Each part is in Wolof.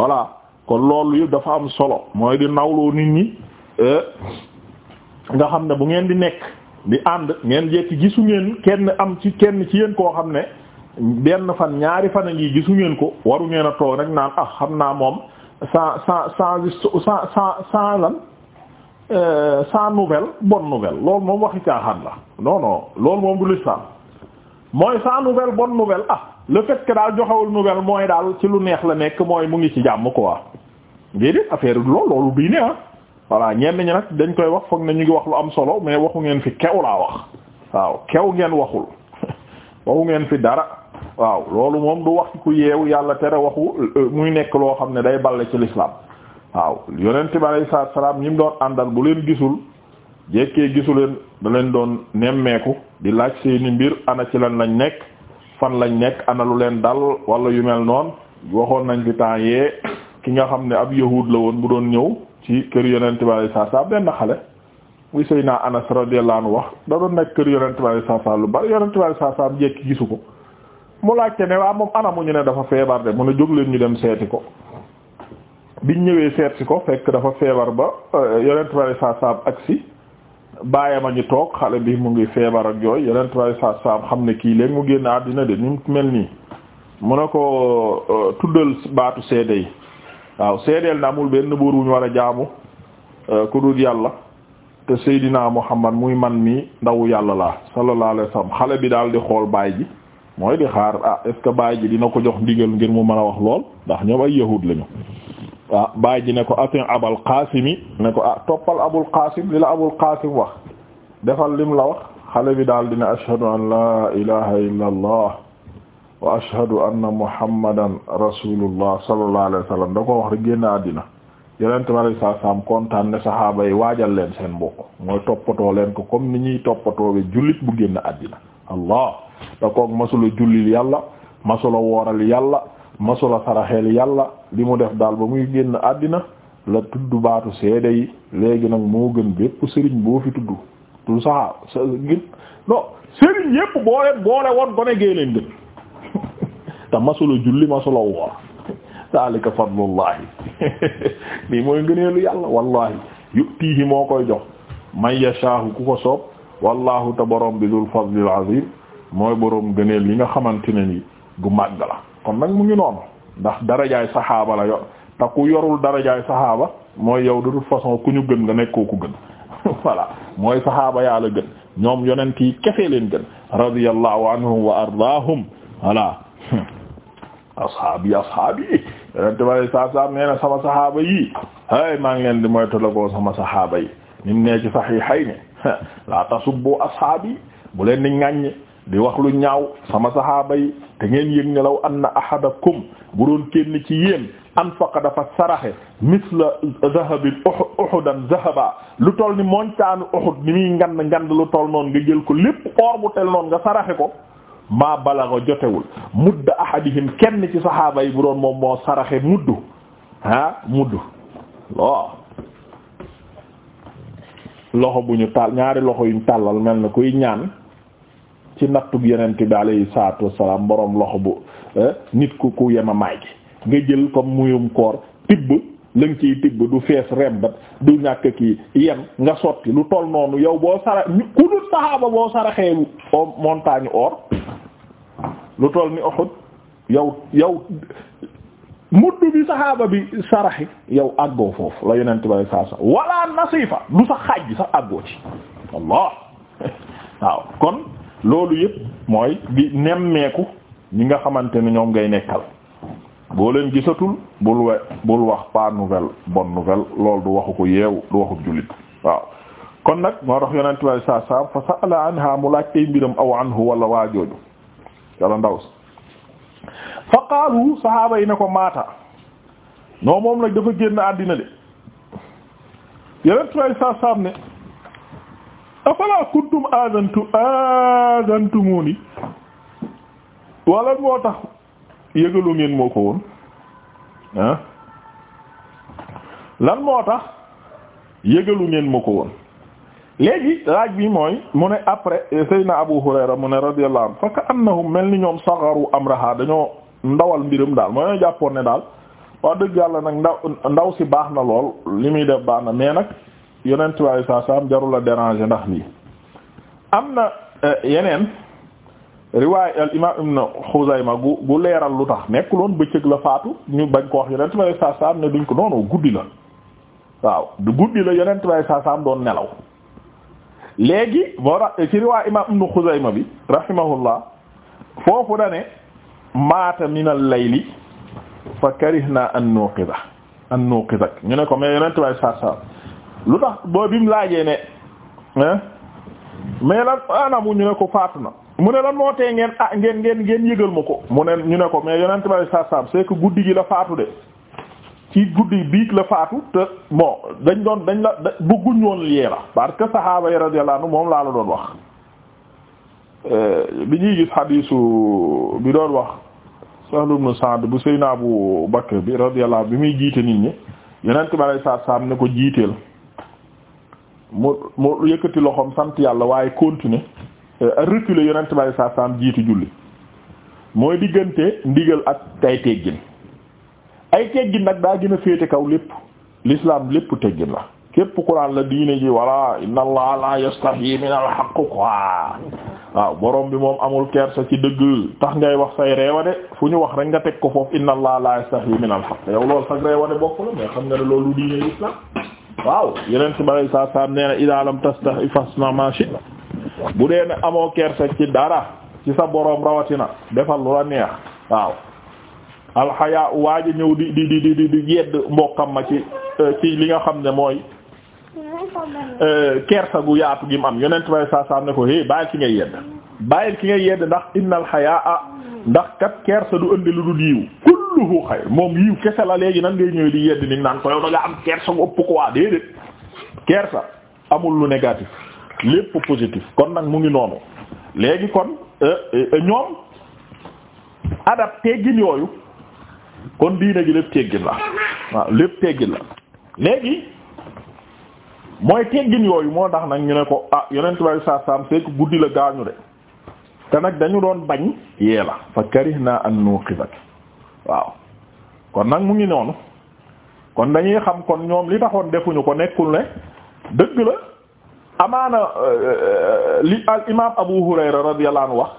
voilà kon loolu yëpp dafa am solo mooy di nawloo nit ñi eh, nga xam ne bu ngeen di nekk di ànd ngeen jekki gisu ngeen kenn am ci kenn ci yéen koo xam ne benn fan ñaari fan a ngi gisu ngeen ko waru ngeen a toog rek naan ah xam naa moom sans sans sans sans sans lan eh, sans nouvelle bonne nouvelle loolu moom waxi caaxaan la non non loolu moom du l'islam mooy sans nouvelle bonne nouvelle ah le fait que daal joxewul nouvelle mooy daal ci lu neex la nekk mooy mu ngi ci jàmm quoi déedéet affaire du lool loolu duy ne ah voilà ñenn ñi nag dañ koy wax foog na ñu ngi wax lu am solo mais waxu ngeen fi kew laa wax waaw kew ngeen waxul waxu ngeen fi dara waaw loolu moom du wax ku yeewu yàlla tere waxu euh, muy nekk loo xam ne day balle ci l'islam waaw yonent bi sa salaatu salaam ñi doon àndal bu leen gisul jekkee gisuleen da leen doon nemmeeku di laaj seeni mbir ana ci lan lañ nekk fan lañ nekk ana lu leen dal wala yu mel noon waxoon nañ fi temps yee ki nga xam ne ab yahuud la woon bu doon ñëw ci kër yonent bi alayhi salaam benn xale muy Seydina Anas radiyallahu anhu wax da doon kër yonent bi alayhi salaam lu bari yonent bi alayhi salaam jekki gisu ko mu laajte ne waa moom ana mu ñu ne dafa feebar de mu ne jóg leen ñu dem seeti ko biñ ñëwee seet si ko fekk dafa feebar ba euh, yonent bi alayhi salaam agsi bàyyam a ngi toog xale bi mu ngi feebar ak yooyu yeneen tubaab yi saam xam ne kii léegi mu génn àddina de ni mel nii mu ne ko euh, tuddal baatu seede yi waaw seedeel na amul benn buur bu ñu war a jaamu euh, ku dul yàlla te mu xaman muy man mii ndawu yàlla laa sallallahu alayhi wasallam xale bi daal di xool baay ji mooy di xaar ah est ce que baay ji dina ko jox ndigal ngir mu mën a wax lool ndax ñoom ay yahud lañu. waaw baay ji ne ko atin abal qaasimi ne ko ah toppal abul qaasim li la abul qaasim wax defal lim la wax xale bi daal dina ashhadu an la ilaha illa allah wa ashhadu anna muhammadan rasulullah sallallahu alayhi wa sallam da ko wax rek génn àddina yenente ma lay kontaan ne saxaaba yi waajal leen seen mbokk mooy toppatoo leen ko comme ni ñuy toppatoo be jullit bu génn àddina allah da koog masula jullil yàlla masula wooral yàlla masula saraxeel yàlla li mu def daal ba muy génn àddina la tudd baatu seede yi léegi nag moo gën bépp sëriñ boo fi tudd tu saxa sa ngir non sëriñ yépp boo leen boole woon gone gee leen gën te masula julli masula woor dalika fadlullahi lii mooy ngëneelu yàlla wallahi yutihi moo koy jox man yashaahu ku ko soob wallahu te borom bi dul fadlil azim mooy borom gëneel li nga xamante ne ni gu màgg la kon nag mu ngi noonu ndax darajaay saxaaba la yo te ku yorul darajaay saxaaba mooy yow de toute façon ku ñu gën nga nekkoo ku gën voilà mooy saxaaba yaa la gën ñoom yonent yi kese leen gën radiyallahu anhum wa ardaahum voilà ashaabi ashaabi yonente bi alei saatu sama saxaaba yi hay maa ngi leen di moytu la ko sama saxaaba yi nim nee ci saxiixayni laa tasubbu ashaabi bu leen di ŋàññi di wax lu ñaaw sama saxaaba yi te ngeen yëg ne law anna ahadakum bu doon kenn ci yéen anfaqa dafa saraxe misla zahabin uhud uhudan zahaba lu toll ni montaanu uhud ni muy ngand ngand lu toll noonu nga jël ko lépp or bu tel noonu nga saraxe ko maa balaga jotewul mudda ahadihim kenn ci saxaaba yi bu doon moom moo saraxe muddu ah muddu loxo bu ñu tàll ñaari loxo yuñ tàllal mel na kuy ñaan ci nattug yonent bi alayhi salaatu wassalaam boroom loxo bu eh, nit ku ku yema maay nga jël comme muyum koor tibb la nga tibb du fees rembat du ñàkk ki yem nga sotti lu toll noonu yow boo sara ku dul saxaaba boo saraxee montagne or lu toll ni Uhud yow yow mudd bi saxaaba bi saraxi yow àggoo foofu la yonent bi alayhi salaatu wassalaam wala du sa xaaj sax àggoo ci Allah waaw kon loolu yëpp mooy di nemmeeku ñi nga xamante ne ñoom ngay nekkal boo leen gisatul bul we wax pas nouvelle bonne nouvelle loolu du waxu ko yeewu du waxu jullit waaw kon nag moo tax yonent bi saa saa fa sa'ala anha mu laaj tey mbiram aw anhu wala waa jooju yàlla ndaw si fa qaalu saxaaba yi ne ko maata non moom nag dafa génn àddina de yonent bi saa saa ne. afala kuntum azantu azantumuni wala moo tax yëgalu ngeen moo ko woon ah? lan moo tax yëgalu ngeen moo ko woon léegi laaj bi mooy mu ne après sëy na Abu Hurayra mu ne radiyallahu anhu fa ka annahum mel ni ñoom am amraha dañoo ndawal mbiram daal mooy ñoo jàppoon ne daal wax dëgg yàlla nag ndaw ndaw si baax na lool li muy def baax na mais nag yonent bi saa saa am ndax lii am na eh, yeneen riwaay al imaam ibn Xuzayma gu gu leeral lu tax nekkuloon bëccëg la faatu ñu bañ ko wax yonent bi am ne duñ ko noonu guddi la waaw du guddi la yonent bi doon nelaw léegi boo tax ci riwaay imaam ibn Xuzayma bi rahimahullah foofu da ne maata min al li fa karihna an nuqida an nuqidak ñu ne ko mais yonent bi lu tax boo bi mu laajee ne mais lan anamu ñu ne ko faatu na mu ne la moo tee ngeen ah ngeen ngeen ngeen yëgal ma ko mu ne ñu ne ko mais yonent bari sa sam c'est que guddi gi la faatu de ci guddi biig la faatu te bon dañ doon dañ la bëgguñ woon yee la parce que saxaaba yi radiyallahu anhu moom laa la doon wax euh, bi ñuy gis xadiisu bi doon wax Sahl ibn Sa'd bu Seydina bu Bakr bi radiyallahu bi muy jiite nit ñi yonent bari sa sam ne ko jiiteel mu mu yëkkati loxoom sant yàlla waaye continuer euh, reculer yonent bi saa saam jiitu julli mooy diggante ndigal ak tay teggin ay teggin nag daa gën a féete kaw lépp lislaam lépp teggin la képp Qur'an la diine ji walla inna allaha la yastahi min al haqq quoi waaw borom bi moom amul kersa ci dëgg tax ngay wax say reewa de fu ñu wax rek nga teg ko foofu inna allaha la yastahi min al haqq yow loolu sax reewa de bokk la mais xam nga ne loolu diine l'islam waaw yeneen ci balay saa saam nee na idaa lam tastahi fasna ma shi'ta bu dee ne amoo kersa ci dara ci sa boroom rawatina defal lu la neex waaw alxayaa waa ji ñëw di di di di di yedd mbokkam ma ci euh, ci li nga xam ne mooy euh, kersa gu yaatu gi mu am yonent bay saa saam ne ko hé bàyyil ki ngay yedd bàyyil ki ngay yedd ndax innal xayaa ndax kat kersa du ëndi lu du diiw kulluhu xayr moom yiw kese la léegi nan ngay ñëw di yedd ni naan ko yow da nga am kersa bu ëpp quoi déedéet kersa amul lu négatif lépp positif kon nag mu ngi noonu léegi kon euh, euh, euh, ñoom adab teggin yooyu kon diine gi lépp teggin la waaw lépp teggin la léegi mooy teggin yooyu moo tax nag ñu ne ko ah yonent saa saam fekk guddi la gaañu de te nag dañu doon bañ yee la fa karihna an nuqidak waaw kon nag mu ngi noonu kon dañuy xam kon ñoom li taxoon defuñu ko nekkul ne dëgg la amaana euh, euh, li al imaam Abu Hurayra radiyallahu anhu wax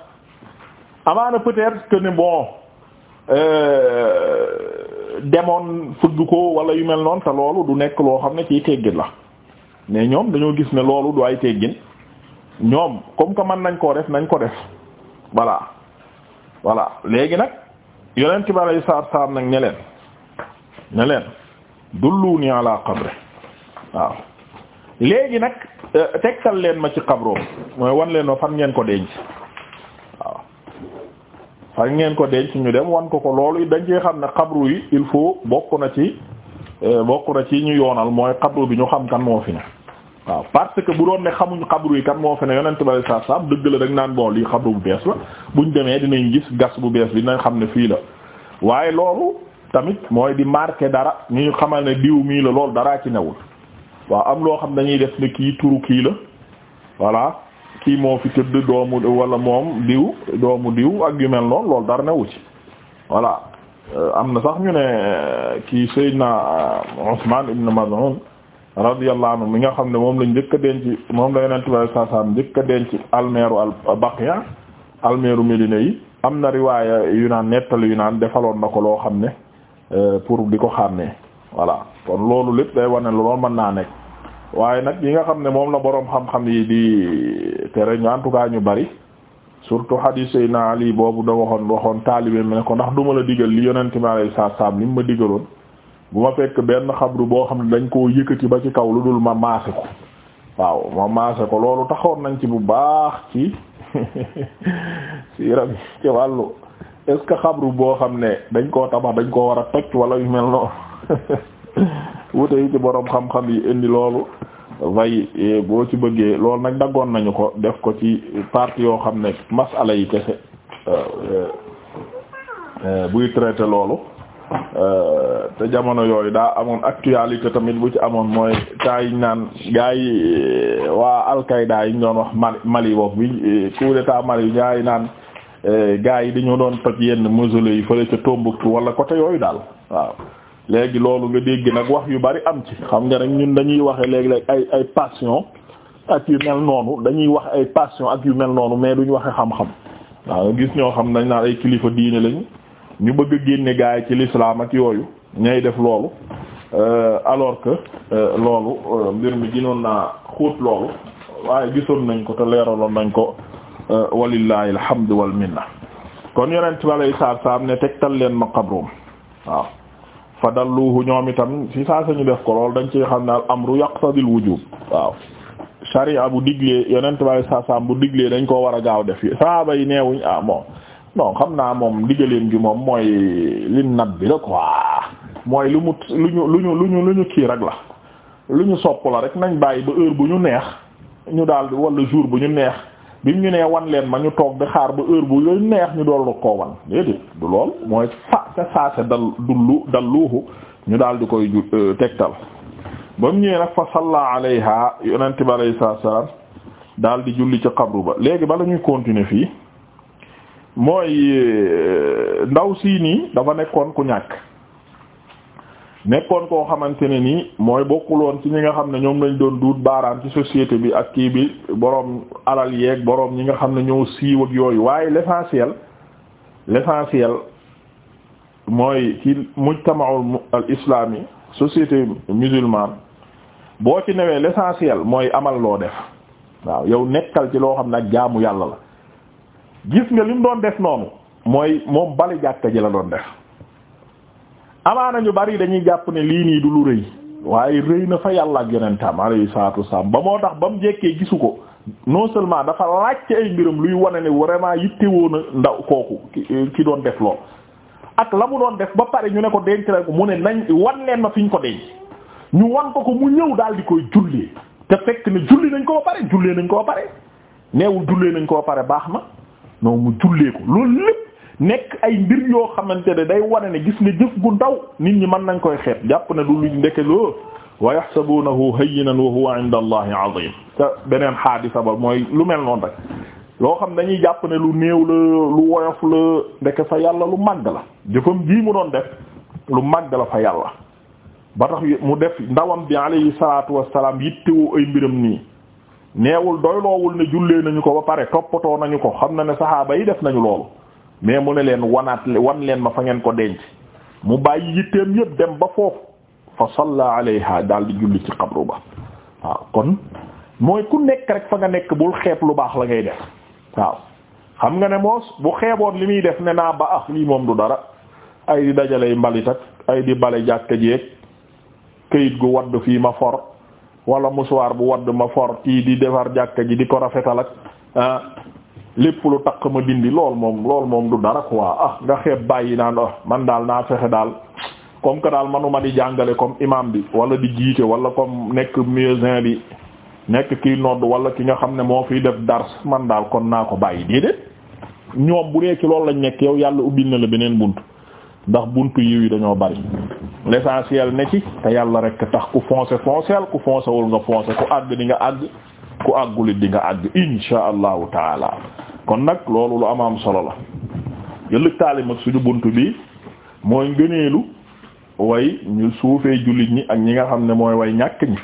amaana peut-être que ne bon euh, demoon fëgg ko wala yu mel noonu te loolu du nekk loo xam ne ciy teggin la mais ñoom dañoo gis ne loolu du ay teggin ñoom comme que mën nañ koo def nañ ko def voilà voilà léegi nag yonent bi alayhi salaatu salaam nag ne leen ne leen dulluni ala waaw léegi nag euh, tegtal leen ma ci xabroom mooy wan leen ma fan ngeen ko denc waaw fan ngeen ko denc ñu dem wan ko ko loolu dañ cee xam ne xabru yi il faut bokk na ci euh, bokk na ci ñu yoonal mooy xabru bi ñu xam kan moo ne waaw parce que bu doon ne xamuñ xabru yi kat moo fe ne yonent bari saa saam dëgg la rek naan bon lii xabru bu bees la buñ demee dinañ gis gas bu bees bi dinañ xam ne fii la waaye loolu tamit mooy di marqué dara ñu xamal ne diw mii la loolu daraa ci newul waaw am loo xam dañuy def ne kii turu kii la voilà kii moo fi tëdd doomu wala moom diw doomu diw ak yu mel loolu dara newu ci voilà euh, am na sax ñu ne euh, kii Seydina euh, Ousmane ibn Maz'un radiyallahu anhu mi nga xam ne moom lañ njëkk a denc moom la yonent bi saa saa njëkk a denc almeeru al baqiya almeeru Medina yi am na riwaaya yu naan nettal yu naan defaloon na ko loo xam ne euh, pour di ko xàmmee voilà kon loolu lépp day wane loolu mën naa nekk waaye nag yi nga xam ne moom la boroom xam-xam yi di tere ñu en ñu bari surtout hadith naa Ali boobu da waxoon waxoon taalibe mi ne ko ndax duma la digal li yonent bi saa li mu ma digaloon. bu ma fekk benn xabru boo xam ne dañ koo yëkkati ba ci kaw lu dul ma maase ko waaw ma maase ko loolu taxoon nañ ci bu baax ci ci wàllu est ce xabru boo xam ne dañ koo tabax dañ koo war a toj wala yu mel noonu wute yi ci boroom xam-xam yi indi loolu vay eh, boo ci bëggee loolu nag daggoon nañu ko def ko ci partie yoo xam ne masala yi kese euh, euh, euh, buy traité loolu Euh, te jamono yooyu daa amoon actualité tamit bu ci amoon mooy taa yi naan gars yi euh, waa Al-Qaïda yi ñu doon wax Mali Mali boobu bi euh, coup d'état Mali gars yi naan gars yi dañu doon toj yenn mausolée yi fële ca Tombouctou wala côté yooyu daal waaw. léegi loolu nga dégg nag wax yu bari am ci xam nga rek ñun dañuy waxe léegi-léeg ay ay passion ak yu mel noonu dañuy wax ay passion ak yu mel noonu mais duñu waxe xam-xam waaw gis ñoo xam nañ naan ay kilifa diine lañu. ñu bëgg génne gaa ci lislaam ak yooyu ñay def loolu euh, alors que euh, loolu euh, mbir mi ginoon naa xóot loolu waaye gisoon nañ ko te leeraloon nañ ko walillahi alhamdu wal minna kon yonent bi alayhi salaatu salaam ne tal leen ma qabrum waaw fa lu ñoom itam ci saa sañu def ko loolu dañ ci xam ne al amru yaqtadil wujub waaw sharia bu diglee yonent bi alayhi salaatu bu diglee dañ koo war a gaaw def yi saaba yi neewuñ ah bon bon xam naa moom digaleem gi moom mooy li nab bi la quoi mooy lu mu lu ñu lu ñu lu ñu lu ñu kii rek la lu ñu sopp la rek nañ bàyyi ba heure bu ñu neex ñu daal di wala jour bu ñu neex bi ñu nee wan leen ma ñu toog di xaar ba heure bu neex ñu dool koo wan déedéet du lool mooy fa ca saase dal dullu dalluuhu ñu daal di koy ju euh, tegtal ba mu ñëwee nag fa salla alayha yonent bi alayhi salaam daal di julli ci xabru ba léegi bala ñuy continuer fii mooy euh, ndaw sii nii dafa nekkoon ku ñàkk nekkoon koo xamante ne nii mooy bokkul woon ci ñi nga xam ne ñoom lañ doon duut baaraam ci société bi ak kii bi boroom alal yeeg boroom ñi nga xam ne ñoo siiw yooyu waaye l'essentiel l'essentiel mooy ci mujtama'ul al islami société musulmane boo ci newee l'essentiel mooy amal loo def waaw yow nekkal ci loo xam ne ak jaamu yàlla la gis nga li mu doon def noonu mooy moom bali jàkka ji la doon def amaana ñu bari dañuy jàpp ne lii nii du lu rëy waaye rëy na fa yàlla ak yonentam alayhi salaatu wasalaam ba moo tax ba mu jekkee gisu ko non seulement dafa laajte ay mbiram luy wane ne vraiment yittewoo na ndaw kooku ki doon def lool ak la mu doon def ba pare ñu ne ko denc la ko mu ne nañ wan leen ma fi ñu ko denc ñu wan ko ko mu ñëw daal di koy jullee te fekk ne julli nañ ko ba pare jullee nañ ko pare neewul jullee nañ ko pare baax na non mu jullee ko loolu lépp nekk ay mbir yoo xamante ne day wane ne gis nga jëf gu ndaw nit ñi mën nañ koy xeet jàpp ne du luñ ndeke loo wa yahsabunahu hayyinan wa huwa inda allahi azim beneen xaadisa mooy lu mel noonu rek loo xam dañuy jàpp ne lu néew la lu woyof la ndeke fa yàlla lu màgg la jëfam jii mu doon def lu màgg la fa yàlla ba tax mu def ndawam bi alayhi salaatu wassalaam yittewoo ay mbiram nii neewul doyloowul ne jullee nañu ko ba pare toppatoo nañu ko xam na ne saxaaba yi def nañu loolu mais mu ne leen wanaat wan leen ma fa ngeen ko denc mu bàyyi yitteem yëpp dem ba foofu fa salla alayha daal di julli ci xabru ba waaw kon mooy ku nekk rek fa nga nekk bul xeeb lu baax la ngay def waaw xam nga ne moos bu xeeboon li muy def ne naa ba ah lii moom du dara ay di dajalay mbalit ak ay di bale jàkka jeeg këyit gu wadd fii ma for wala musuwaar bu wadd ma for kii di defar jàkka ji di ko rafetal ak ah, lépp lu takk ma dindi lool moom lool moom du dara quoi ah nga xeeb bàyyi naa ah man daal naa fexe daal comme que daal manuma di jàngale comme imam bi wala di jiite wala comme nekk muezzin bi nekk kiy nodd wala ki nga xam ne moo fiy def dars man daal kon naa ko bàyyi déedéet ñoom bu dee ci loolu lañ nekk yow yàlla ubbil na la beneen bunt ndax bunt yiw yi dañoo bari l'essentiel ne ci te yàlla rek tax ku fonse fonceel ku foncer wul nga foncer ku àgg di nga àgg ku àggul di nga àgg insha allahu taala kon nag loolu lu amaam solo la yëllëg taalim ak suñu bunt bi mooy ngëneelu woy ñu suufee jullit ñi ak ñi nga xam ne mooy woy ñàkk ñi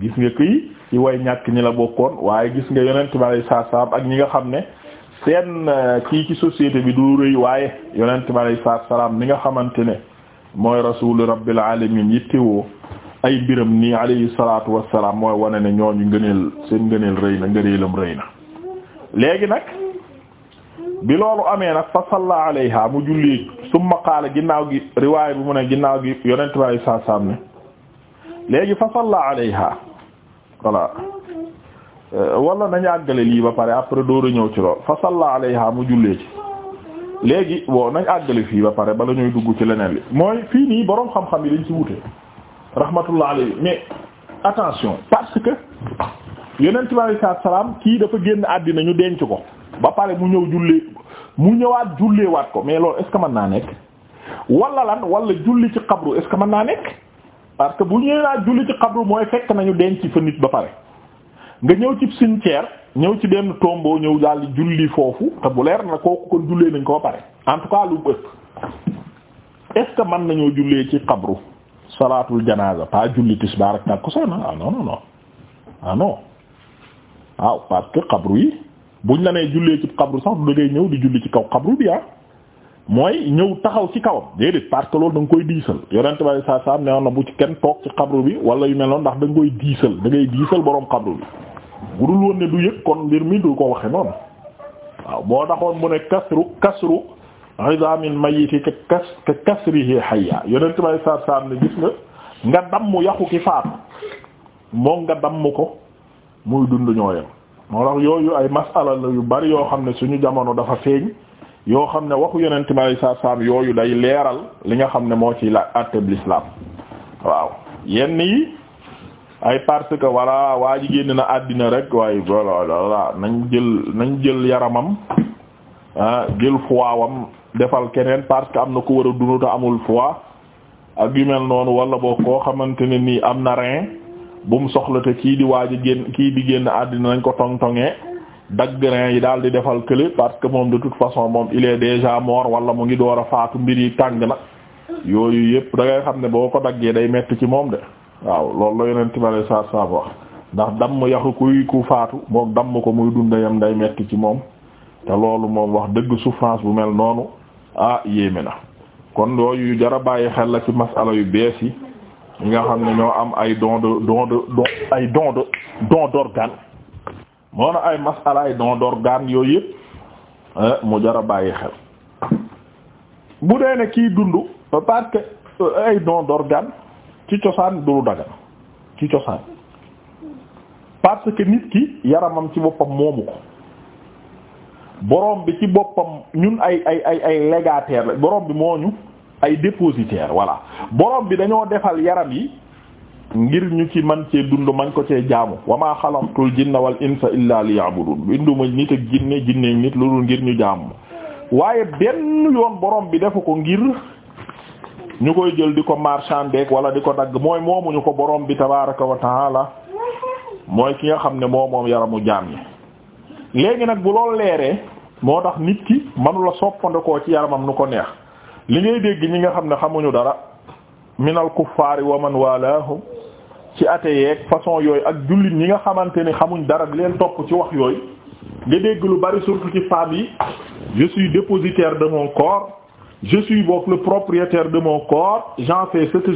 gis nga kii ci woy ñàkk ñi la bokkoon waaye gis nga yonent bi saa saam ak ñi nga xam ne seen euh, kii ci société bi du rëy waaye yonent bi salaam ni nga xamante ne mooy rasuulu rabbil alamin yittewoo ay mbiram nii alayhi salaatu wassalaam mooy wane ne ñooñu ngëneel seen ngëneel rëy na ngëneelam rëy na léegi nag bi loolu amee nag fa salla alayha mu julli summa qaala ginnaaw gi riwaay bi mu ne ginnaaw gi yonent bi alayhi salaatu salaam ne léegi fa salla alayha Euh, wala nañu àggale lii ba pare après door a ñëw ci lool fa salla alayha mu jullee ci léegi bon nañ àggale fii ba pare bala ñooy dugg ci leneen li mooy fii nii boroom xam-xam yi dañ ci wute rahmatullah alayhi mais attention parce que yeneen bi alei salatua salaam kii dafa génn àddina ñu denc ko ba pare mu ñëw jullee mu ñëwaat julleewaat ko mais loolu est naa nekk wala lan wala julli ci xabru est-ce que mën naa nekk parce que bu ñëwaat julli ci xabru mooy fekk nañu denc fa nit ba pare nga ñëw ci cimetière ñëw ci benn tombeau ñëw daal di julli foofu te bu leer na kooku kon jullee nañ koo pare en tout cas lu ëpp est-ce que mën nañoo jullee ci xabru salaatul janaza pas julli tisbaar ak tàkkusaan ah non non non ah non waaw ah, parce que xabru yi buñ la nee jullee ci xabru sax du dangay ñëw di julli ci kaw xabru bi ah mooy ñëw taxaw ci kawam déedéet parce que loolu da nga koy diisal yonent bi saa saa ne woon na bu ci kenn toog ci xabru bi wala yu mel noonu ndax da nga koy diisal da ngay diisal boroom xabru bi. bu dul woon ne du yëg kon mbir mi du ko waxe noonu waaw boo taxoon mu ne kasru kasru idamin mayiti ka kas ka kasrihi hayya yonent bay sar ne gis nga nga damm yaxu ki faatu moom nga damm ko muy dund ñooyam moo tax yooyu ay masala la yu bari yoo xam ne suñu jamono dafa feeñ yoo xam ne waxu yonent bay sar sam yooyu day leeral li nga xam ne moo ci la atteb l'islam waaw yenn yi ay parce que voilà waa ji génn na àddina rek waaye voilà nañ jël nañ jël yaramam ah jël foiwam defal keneen parce que am na ku war a dund te amul foie ak yu mel noonu wala boo koo xamante ne nii am na rein bu mu soxla te kii di waaj a génn kii di génn àddina nañ ko tong-tongee dagg rein yi daal di defal kële parce que moom de toute façon moom il est déjà mort wala mu ngi door a faatu mbir yi tàng na yooyu yëpp da ngay xam ne boo ko daggee day metti ci moom de waaw loolu la yeneen timale saar saab wax ndax damm yaxu kuy ku faatu moom damm ko muy dunda yam day metti ci moom te loolu moom wax dëgg souffrance bu mel noonu ah yéeme na kon yooyu jara bàyyi xel la ci masala yu bees yi nga xam ne ñoo am ay don de don de don ay don de moo na ay masala ay don d'organe yooyu yëpp eh, mu jara bàyyi xel bu dee ne kii dund parce que eh, ay don d'organe ci cosaan du lu dagan ci cosaan parce que nit ki yaramam ci boppam moomu ko borom bi ci boppam ñun ay ay ay ay légataire la borom bi moo ñu ay dépositaire voilà boroom bi dañoo defal yaram yi ngir ñu ci man cee dund man ko cee jaamu wa ma xalaqtul jinna wal insa illa liya'budun binduma nit ak jinne jinne nit loolu ngir ñu jaamu waaye benn yoon borom bi defu ko ngir ñu koy jël di ko marchander wala di ko dagg mooy moomuñu ko borom bi tabaraka wa la mooy ki nga xam ne moo moom yaramu jaam yi léegi nag bu loolu leeree moo tax nit ki manula soppandekoo ci yaramam nu ko neex li ngay dégg ñi nga xam ne xamuñu dara minal kuffaari wa man walahum ci ate façon yooyu ak jullit ñi nga xamante ni xamuñ dara leen topp ci wax yooyu nga dégg lu bari surtout ci femmes yi je suis dépositaire de mon corps je suis bokk le propriétaire de mon corps j'en fais ce que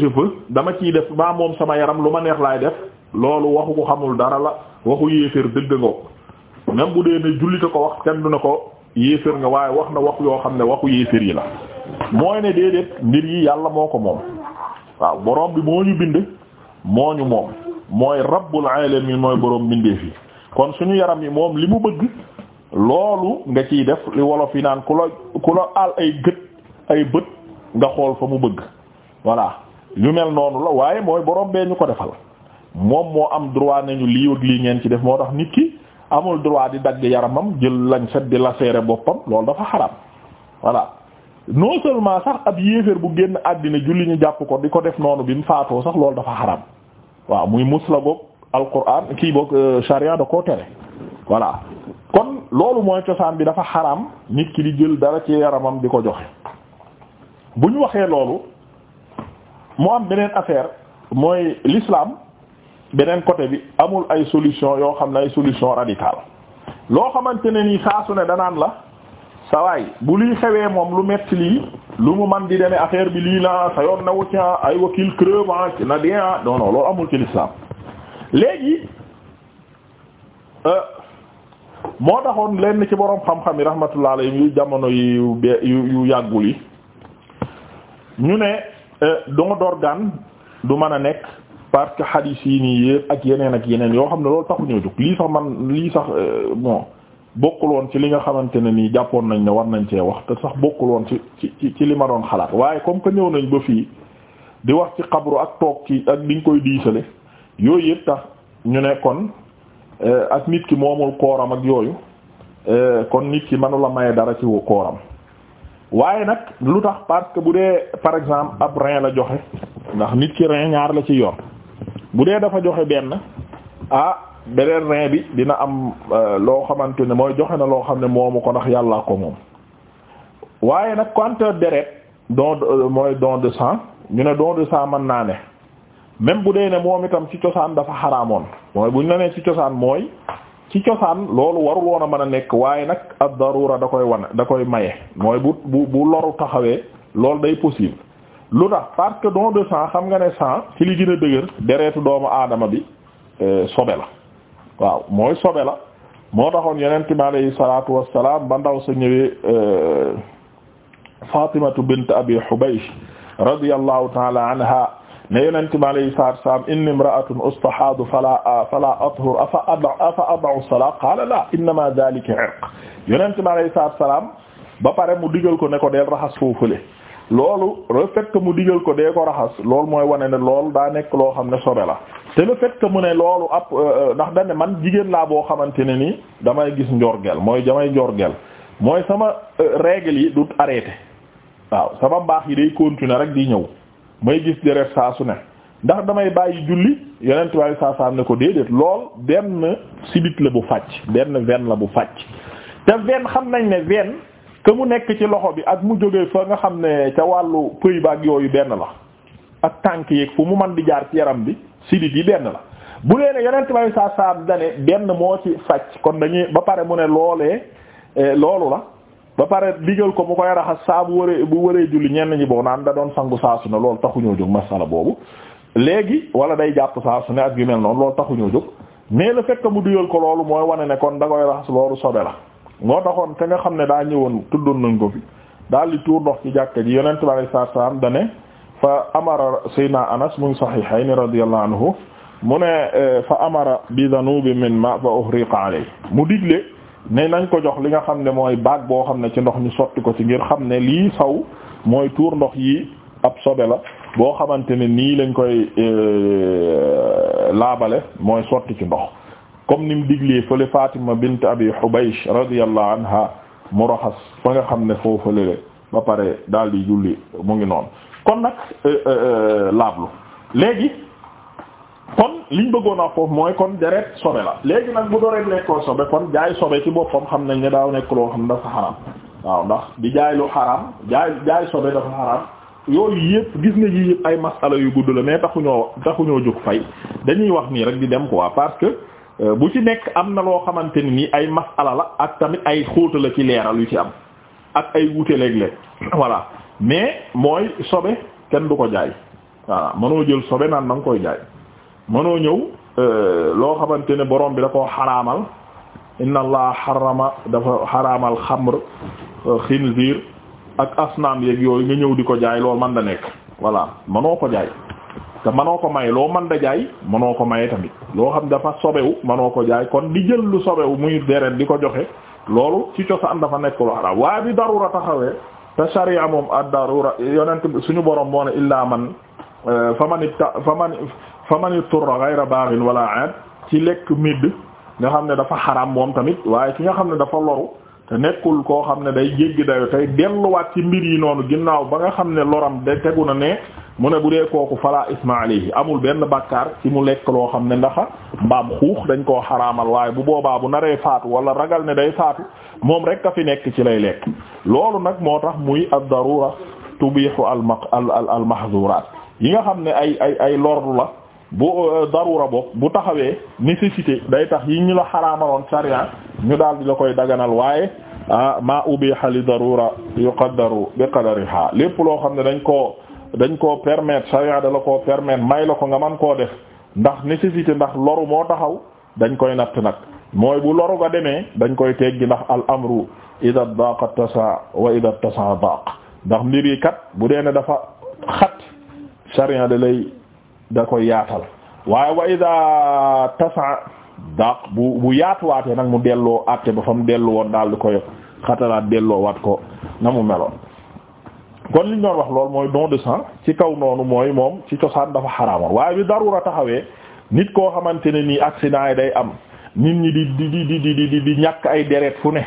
dama ciy def maa moom sama yaram lu ma neex laay def loolu waxu ko xamul dara la waxu yéeféer dëgg nga même bu dee ne jullite ko wax kenn du na ko yéeféer nga waaye wax na wax yoo xam ne waxu yéeféer yi la mooy ne déedéet mbir yi yàlla moo ko moom waaw borom bi moo ñu bind moo ñu moom mooy rabbul alamin mooy boroom bindee fi kon suñu yaram yi moom li mu bëgg loolu nga ciy def li naan ku la ku la aal ay gët ay bët nga xool fa mu bëgg voilà yu mel noonu la waaye mooy borom bee ñu ko defal moom moo am droit nañu lii ak lii ngeen ci def moo tax nit ki amul droit di dagg yaramam jël lañ set di la boppam loolu dafa xaram voilà non seulement sax ab yéeféer bu génn àddina julli ñu jàpp ko di ko def noonu bi mu sax loolu dafa xaram waaw muy mus la boog alquran kii boo charia euh, da koo tere voilà kon loolu mooy cosaan bi dafa xaram nit ki di jël dara ci yaramam di ko joxe bu ñu waxee loolu moo am beneen affaire mooy lislaam beneen côté bi amul ay solution yoo xam ne ay solution radicale loo xamante ne nii saa ne danaan la sawaay bu liy xewee moom lu metti lii lu mu man di demee affaire bi lii la sa yoon na wucca ay wakil crevant ah, na dia ah, non non loolu amul ci l'islam léegi euh, moo taxoon lenn ci boroom xam-xam yi rahmatullah alayhi yu jamono yi yu yu yàggul yi ñu ne euh, don d'organe du mën a nekk parce que xadiis yi nii yëpp ak yeneen ak yeneen yoo xam ne loolu taxu ñoo jóg lii sax man lii sax moo euh, bokkul woon ci li nga xamante ne nii jàppoon nañ ne war nañ cee wax te sax bokkul woon ci ci ci li ma doon xalaat waaye comme que ñëw nañ ba fii di wax ci xabru ak toog ci ak diñ koy diisale yooyu yëpp tax ñu ne kon euh, ak nit ki moomul kooram ak yooyu kon nit ki mënula maye dara ci kooram waaye nag lu tax parce que bu dee par exemple ab rein la joxe ndax nit ki rein ñaar la ci yor bu dee dafa joxe benn ah beneen rein bi dina am euh, loo xamante ne mooy joxe na loo xam ne moomu ko ndax yàllaa ko moom waaye nag quante deret don euh, mooy don de sang ñu ne don de sang mën naa ne même bu dee ne moom itam ci cosaan dafa xaraamoon mooy bu ñu la nee ci cosaan mooy ci cosaan loolu warul mën a nekk waaye nag ab darura da koy wan da koy maye mooy bu bu bu loru taxawee loolu day possible lu tax parce que de sang xam nga ne sang ci li gën a dëgër deretu doomu aadama bi euh, sobe la waaw mooy sobe la moo taxoon yonent bi alayhi salaatu wassalaam ba ndaw sa ñëwee euh, Fatimatu bint Abi Hubaysh radiyallahu ta'ala anha ne yonent bi alayhi salaatu wa salaam inni imra'atun ustahaadu fala fala athur afa ada'u as-salaa qaala laa innamaa dhaalika irq yonent bi alayhi salaatu wa salaam ba pare mu digal ko ne ko deel raxas foofule loolu le fait mu digal ko dee ko raxas loolu mooy wane ne lool daa nekk loo xam ne sobe la te le fait mu ne loolu ab euh, euh, ndax dañ ne man jigéen laa boo xamante ne ni damay gis njorgel mooy damay njorgel mooy sama euh, règle yi du arrêté waaw sama mbaax yi day continuer rek di ñëw may gis deret saa su ne ndax damay bàyyi julli yonent waaye saa saa ne ko déedéet lool benn sibit la bu faj benn veine la bu faj te veine xam nañ ne veine que mu nekk ci loxo bi ak mu jógee fa nga xam ne ca wàllu pëy ba ak yooyu benn la ak tànk yeeg fu mu man di jaar ci yaram bi sibit yi benn la bu lee ne yonent waaye saa saa dane benn moo ci faj kon dañuy ba pare mu ne loolee eh, loolu la ba pare digal ko mu koy raxas saa bu waree bu waree julli ñenn ñi boobu naan da doon sangu saa su ne loolu taxuñoo jóg masala boobu léegi wala day jàpp saa su ne ak yu mel noonu loolu taxuñoo jóg mais la fait que mu digal ko loolu mooy wane ne kon da koy raxas loolu sobe la moo taxoon te nga xam ne daa ñëwoon tuddoon nañ ko fi daal di tuur ndox ci jàkka ji yonent bi alayhi salaatu salaam da ne fa amara sayna anas muy sahihayn radiyallahu anhu mu ne eh, fa amara bi dhanubi min ma fa uhriqa alayhi mu digle ne nañ ko jox li nga xam ne mooy baag boo xam ne ci ndox ñu sotti ko ci ngir xam ne lii saw mooy tuur ndox yi ab sobe la boo xamante ne nii lañ koy euh, laabale mooy sotti ci ndox comme ni mu diglee fële Fatima bint Abi Hubaysh radiyallahu anha mu raxas fa nga xam ne foofu le ba pare daal di julli mu ngi noonu kon nag euh, euh, laablu léegi. liñ bëggoon a foofu mooy kon deret sobe la léegi nag bu doreet lekkoo sobe kon jaay sobe ci boppam xam nañ ne daaw nekk loo xam ne dafa waaw ndax di jaay lu xaram jaay jaay sobe dafa xaram yooyu yëpp gis nga yi yëpp ay masala yu gudd la mais taxuñoo taxuñoo jóg fay dañuy wax nii rek di dem quoi parce que euh, bu ci nekk am na loo xamante ni nii ay masala la ak tamit ay xóota la ci leeral yu ci am ak ay wuute léeg-léeg voilà mais mooy sobe kenn du ko jaay voilà mënoo jël sobe naan na koy jaay mënoo ñëw euh, loo xamante ne borom bi da koo xaraamal inna allah xarama dafa xaraamal xamr euh, xinziir ak asnaam yeeg yooyu nga ñëw di ko jaay loolu man da nekk voilà mënoo ko jaay te mënoo ko may loo man da jaay mënoo ko maye tamit loo xam dafa sobewu manoo ko jaay kon di jël lu sobewu muy deret di ko joxe loolu ci cosaan dafa nekk lu xaraam waaye bi darura taxawee te sharia moom ad darura yonent suñu borom moo ne illaa man euh, faman fa man turra ghayra baghin wala aad ci lekk midd nga xam ne dafa xaram moom tamit waaye ki nga xam ne dafa loru te nekkul koo xam ne day jéggi dayo tey delluwaat ci mbir yi noonu ginnaaw ba nga xam ne loram de tegu na ne mu ne bu dee kooku fala isma alayhi amul benn bakkaar ci mu lekk loo xam ne ndaxa mbaam xuux dañ koo xaraamal waaye bu boobaa bu naree faatu wala ragal ne day faatu moom rek a fi nekk ci lay lekk loolu nag moo tax muy ad-darura tubihu al al yi nga xam ne ay ay ay lordu bu euh, darura bo bu taxawee nécessité day tax yi ñu la xaraamaloon sariya ñu daal di la koy daganal waaye ah, ma ubiha xali darura yuqaddaru bi qadariha lépp loo xam ne dañ koo dañ koo permettre sariya da la koo permettre may la ko nga man koo def ndax nécessité ndax loru moo taxaw dañ koy nat nag mooy bu loru nga demee dañ koy teggi ndax al amru ida daqa tasa wa ida tasa daq ndax mbir yi kat bu dee ne dafa xat sariya da lay da ko yaatal waaye wa ida tasa daq bu bu yaatuwaatee nag mu delloo atte ba fa mu dellu woon daal di koy xatalaat delloo waat ko na mu meloon kon liñ doon wax lool mooy don de sang ci kaw noonu mooy moom ci cosaan dafa xaraamoon waaye bi darura taxawee nit koo xamante ne nii accident yi day am nit ñi di di di di di ñàkk ay deret fu ne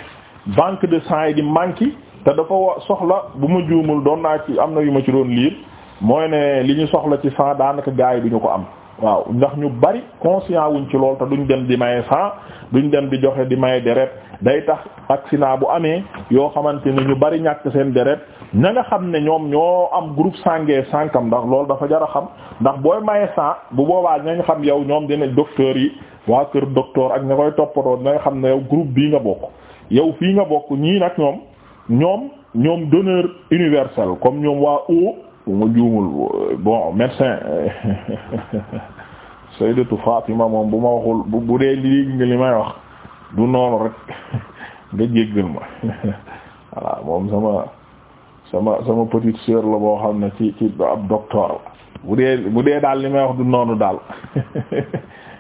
banque de sang yi di manqué te dafa soxla bu ma juumul doon naa ci am na yu ma ci doon liir mooy ne li ñu soxla ci sang daanaka gars yi du ko am waaw ndax ñu bari conscient wuñ ci lool te duñ dem di maye sang duñ dem di joxe di maye deret day tax accident bu amee yoo xamante ne ñu bari ñàkk seen deret na nga xam ne ñoom ñoo am groupe sange sànkam ndax loolu dafa jar a xam ndax booy maye sang bu boobaa ñañ xam yow ñoom dina docteur yi waa kër docteur ak na koy toppatoo ña nga xam ne yaw groupe bii nga bokk yow fii nga bokk ñii nag ñoom ñoom ñoom donneur bu ma juumul bon médecin Sayyidatu Fatima moom bu ma waxul bu bu dee léegi nga li may wax du noonu rek nga jéggal ma voilà moom sama sama sama petite sœur la boo xam ne ci ci ab docteur la bu dee bu dee daal li may wax du noonu daal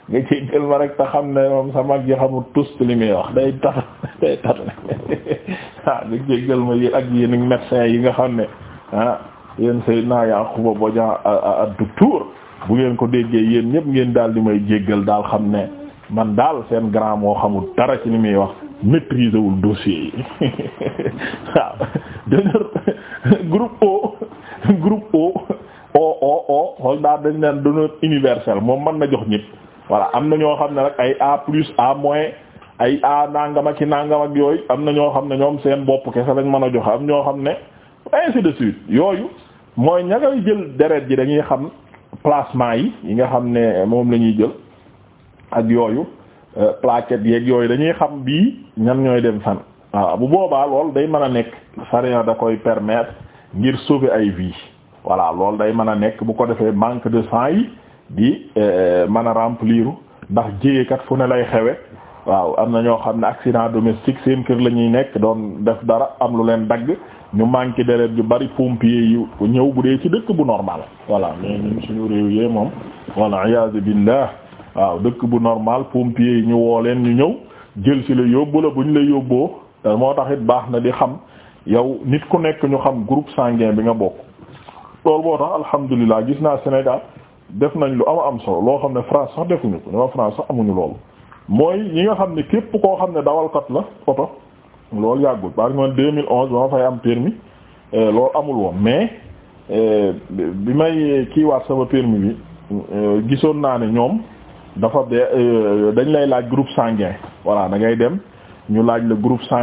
nga jéggal ma rek te xam ne moom sama mag ji xamul tous li may wax day tat day tat waaw ah, nga jéggal ma yi ak yéen médecin yi nga xam ne ah yéen Seydina Yaquba Bodian ad-docteur bu ngeen ko déggee yéen ñëpp ngeen daal di may jéggal daal xam ne man daal seen grand moo xamul dara ci li muy wax maîtriser wul dossier yi waaw groupe O groupe O O O O xool daal dañ naan donneur universel moom man na jox ñëpp voilà am na ñoo xam ne rek ay A plus A moins ay A nangam ak i nangam ak yooyu am na ñoo xam ne ñoom seen bopp kese lañ mën a joxe am ñoo xam ne ainsi de suite yooyu. mooy ña ngay jël deret ji dañuy xam placement yi yi nga xam ne moom la ñuy jël ak yooyu euh, plaquettes yeeg yooyu dañuy xam bii ñan ñooy dem fan waaw bu boobaa lool day mën a nekk sariya da koy permettre ngir sauver ay vie voilà loolu day mën a nekk bu ko defee manque de sens yi di euh, mën a remplir ndax jéyeekat fu ne lay xewe waaw am na ñoo xam ne accident domestique seen kër la ñuy nekk doon def dara am lu leen dagg ñu manqué deret yu bari pompier yi ñëw bu dee ci dëkk bu normal voilà mais ñun suñu réew yee moom walla iyaazu waaw dëkk bu normal pompier yi ñu woo leen ñu ñëw jël ci la yóbbu la bu ñu la yóbboo te moo tax it baax na di xam yow nit ku nekk ñu xam groupe sanguin bi nga bokk loolu boo tax alhamdulilah gis naa Sénégal def nañ lu am am solo loo xam ne France sax defuñu amuñu loolu mooy ñi nga xam ne képp koo xam ne dawalkat la oto loolu yàggul parce que man 2011 ba ma fay am permis euh, loolu amul woon mais euh, bi may kiiwaat sama permis bi euh, gisoon naa ne ñoom dafa be dañ lay laaj groupe sanguin voilà da ngay dem ñu laaj la groupe sanguin